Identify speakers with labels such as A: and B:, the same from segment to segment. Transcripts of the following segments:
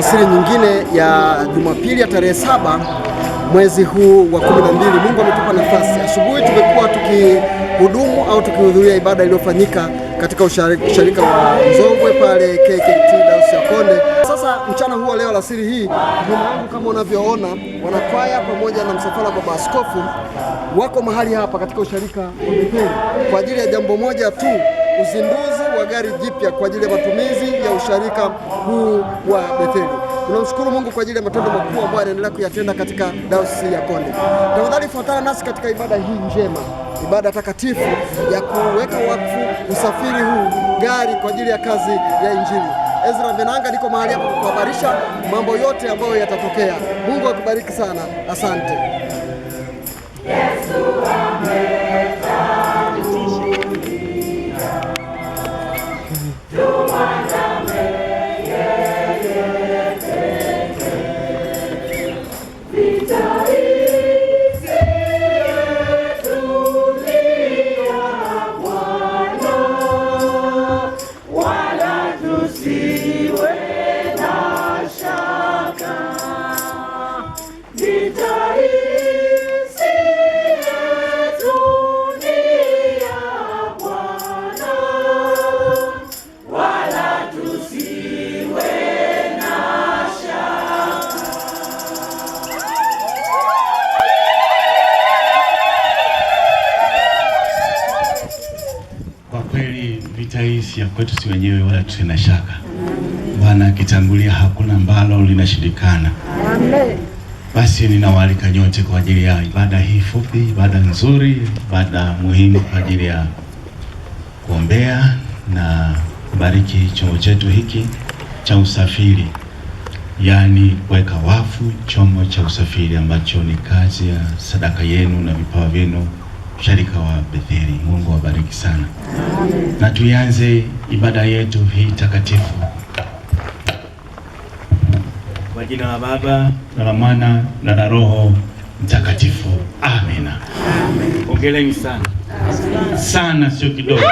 A: Alasiri nyingine ya Jumapili ya tarehe saba mwezi huu wa 12 Mungu ametupa nafasi. Asubuhi tumekuwa tukihudumu au tukihudhuria ibada iliyofanyika katika usharika wa Nzovwe pale KKKT Dayosisi ya Konde. Sasa mchana huu wa leo alasiri hii, nyuma yangu kama unavyoona, wanakwaya pamoja na msafara wa Baba Askofu wako mahali hapa katika usharika wa kwa ajili ya jambo moja tu, uzinduzi gari jipya kwa ajili ya matumizi ya usharika huu wa Betheli. Tunamshukuru Mungu kwa ajili ya matendo makubwa ambayo anaendelea kuyatenda katika dayosisi ya Konde. Tafadhali fuatana nasi katika ibada hii njema, ibada takatifu ya kuweka wakfu usafiri huu gari kwa ajili ya kazi ya Injili. Ezra Venanga niko mahali hapa kuhabarisha mambo yote ambayo yatatokea. Mungu akubariki sana, asante.
B: Yesu, amen.
C: sisi ya kwetu si wenyewe, wala tusina shaka. Bwana akitangulia hakuna ambalo linashindikana. Basi ninawaalika nyote kwa ajili ya ibada hii fupi, ibada nzuri, ibada muhimu kwa ajili ya kuombea na kubariki chombo chetu hiki cha usafiri, yaani kuweka wafu chombo cha usafiri ambacho ni kazi ya sadaka yenu na vipawa vyenu sharika wa Betheli. Mungu awabariki sana, na tuianze ibada yetu hii takatifu kwa jina la Baba na la Mwana na la Roho Mtakatifu, amina. Hongereni sana sana, sio kidogo.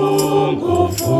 B: upungufu,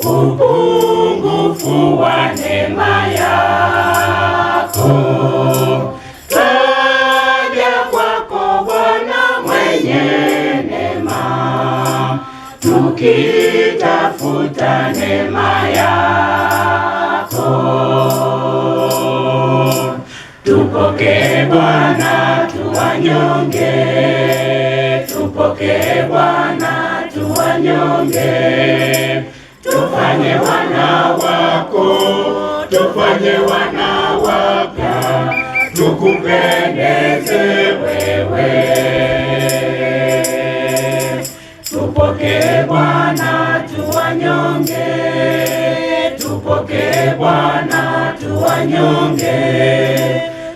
B: upungufu wa neema yako. Twaja kwako Bwana mwenye neema, tukitafuta neema yako. Tupokee Bwana tuwanyonge, tupokee Bwana wanyonge, tufanye wana wako, tufanye wana wako, tukupendeze wewe. Tupokee Bwana tuwanyonge, tupokee Bwana tuwanyonge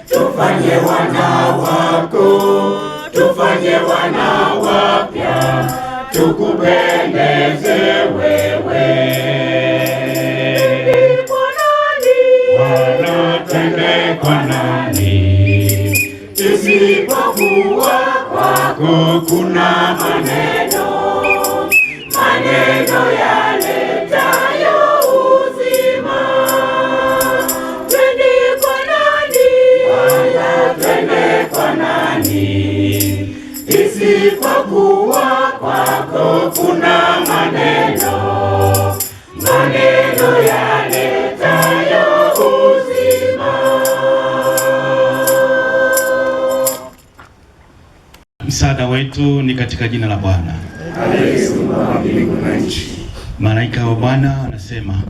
B: tufanye wana wako, tufanye wana wapya tukupendeze wewe
C: katika jina la Bwana. Malaika wa Bwana anasema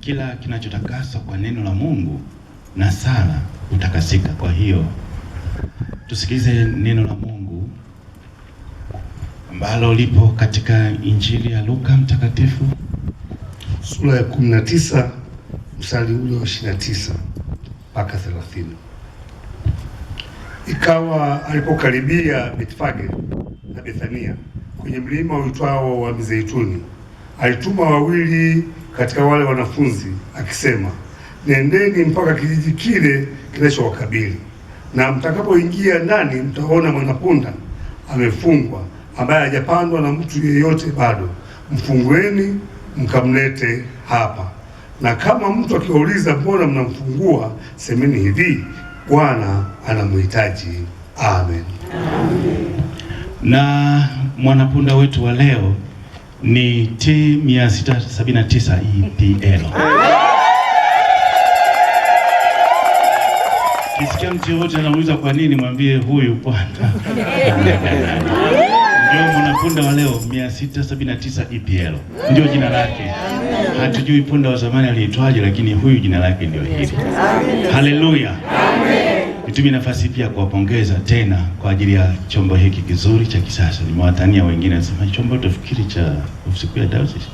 C: kila kinachotakaswa kwa neno la Mungu na sala utakasika. Kwa hiyo tusikilize neno la Mungu ambalo lipo katika Injili ya Luka mtakatifu
D: sura ya 19 mstari ule wa 29 mpaka 30. Ikawa alipokaribia Betfage na Bethania kwenye mlima uitwao wa Mizeituni. Alituma wawili katika wale wanafunzi akisema, nendeni mpaka kijiji kile kinachowakabili na mtakapoingia ndani mtaona mwanapunda amefungwa ambaye hajapandwa na mtu yeyote bado. Mfungueni mkamlete hapa, na kama mtu akiwauliza mbona mnamfungua, semeni hivi, Bwana anamhitaji. Amen,
E: amen
C: na mwanapunda wetu wa leo ni T 679 EPL. Kisikia mtu yoyote anauliza kwa nini, mwambie huyu bwana ndio mwanapunda wa leo 679 EPL ndio jina lake. Hatujui punda wa zamani aliitwaje, lakini huyu jina lake ndio hili. Haleluya! Nitumie nafasi pia kuwapongeza tena kwa ajili ya chombo hiki kizuri cha kisasa. Nimewatania wengine nasema chombo tofikiri cha ofisi kuu ya dayosisi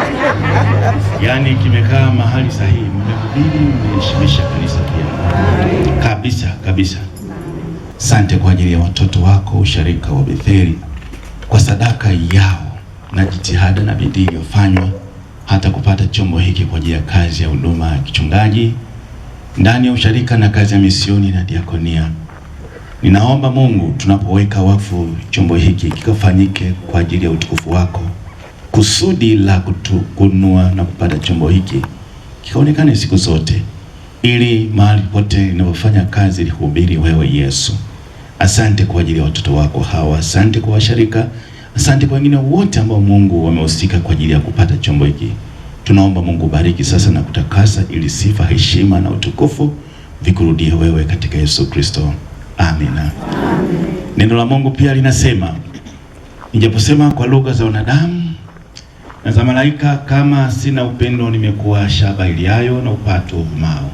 C: yaani kimekaa mahali sahihi, mnahubiri mnaheshimisha kanisa pia kabisa kabisa. Sante kwa ajili ya watoto wako usharika wa Betheli kwa sadaka yao na jitihada na bidii iliyofanywa hata kupata chombo hiki kwa ajili ya kazi ya huduma ya kichungaji ndani ya usharika na kazi ya misioni na diakonia. Ninaomba Mungu, tunapoweka wakfu chombo hiki kikafanyike kwa ajili ya utukufu wako. Kusudi la kutukunua na kupata chombo hiki kikaonekane siku zote, ili mahali pote ninapofanya kazi lihubiri wewe Yesu. Asante kwa ajili ya watoto wako hawa, asante kwa washarika, asante kwa wengine wote ambao Mungu wamehusika kwa ajili ya kupata chombo hiki. Tunaomba Mungu bariki sasa na kutakasa ili sifa, heshima na utukufu vikurudie wewe katika Yesu Kristo. Amina. Amen. Neno la Mungu pia linasema nijaposema kwa lugha za wanadamu na za malaika, kama sina upendo, nimekuwa shaba iliayo na upatu uvumao.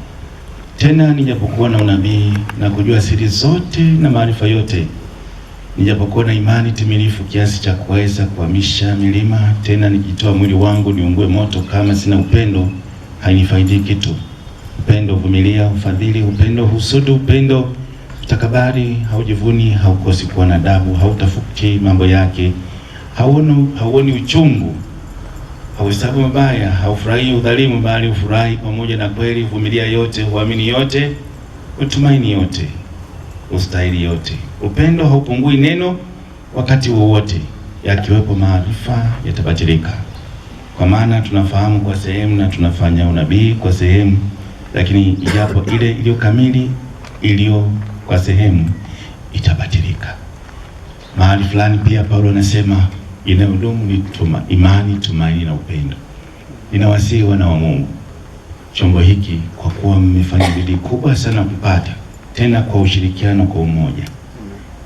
C: Tena nijapokuwa na unabii na kujua siri zote na maarifa yote nijapokuwa na imani timilifu kiasi cha kuweza kuhamisha milima, tena nikitoa mwili wangu niungue moto, kama sina upendo hainifaidi kitu. Upendo huvumilia, ufadhili upendo husudu, upendo utakabari, haujivuni, haukosi kuwa na adabu, hautafuti mambo yake, hauoni hauoni uchungu, hauhesabu mabaya, haufurahii udhalimu, bali ufurahi pamoja na kweli, vumilia yote, huamini yote, utumaini yote ustahili yote. Upendo haupungui neno wakati wowote, yakiwepo maarifa yatabatilika, kwa maana tunafahamu kwa sehemu na tunafanya unabii kwa sehemu, lakini ijapo ile iliyo kamili iliyo kwa sehemu itabatilika. Mahali fulani pia Paulo anasema inayodumu ni tuma, imani, tumaini na upendo. Ninawasihi wana wa Mungu chombo hiki, kwa kuwa mmefanya bidii kubwa sana kupata tena kwa ushirikiano, kwa umoja,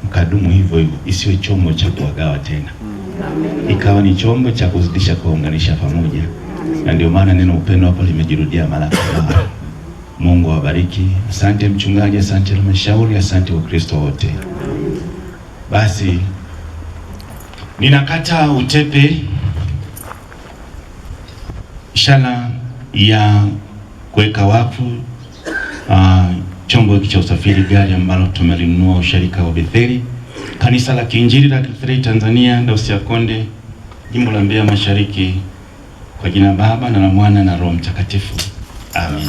C: mkadumu hivyo hivyo, isiwe chombo cha kuwagawa tena, ikawa ni chombo cha kuzidisha, kuwaunganisha pamoja, na ndio maana neno upendo hapo limejirudia mara kadhaa. Mungu awabariki. Asante mchungaji, asante halmashauri, asante Wakristo wote. Basi ninakata utepe ishara ya kuweka wakfu uh, ah, chombo hiki cha usafiri, gari ambalo tumelinunua usharika wa Betheli, kanisa la Kiinjili la Kilutheri Tanzania, Dayosisi ya Konde, jimbo la Mbeya Mashariki, kwa jina Baba na la Mwana na Roho Mtakatifu, amen.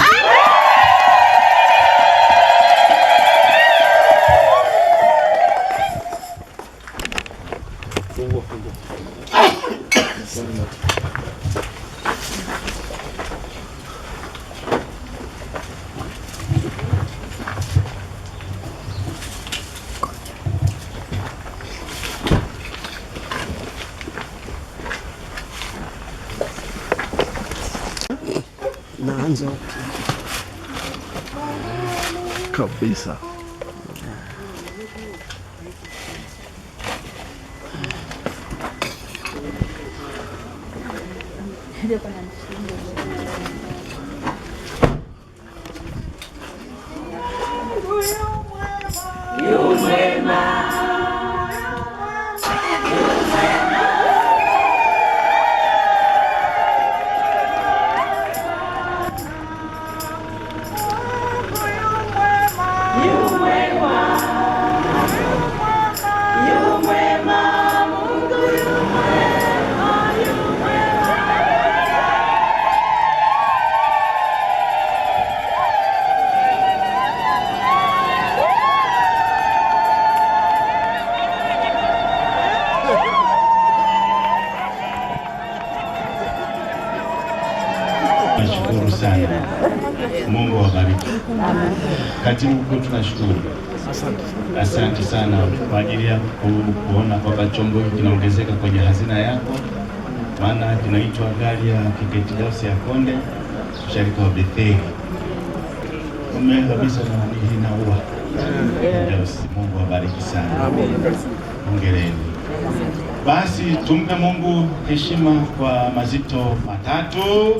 C: Cabeça. Cabeça. Deu pra nada. Katibu Mkuu, tunashukuru asante sana kwa ajili ya kuona kwamba chombo hiki kinaongezeka kwenye hazina yako, maana kinaitwa gari ya Kiketi Dawsi ya Konde, msharika wa Betheli ume kabisa na ua Mungu abariki sana, hongereni. Basi tumpe Mungu heshima kwa mazito matatu.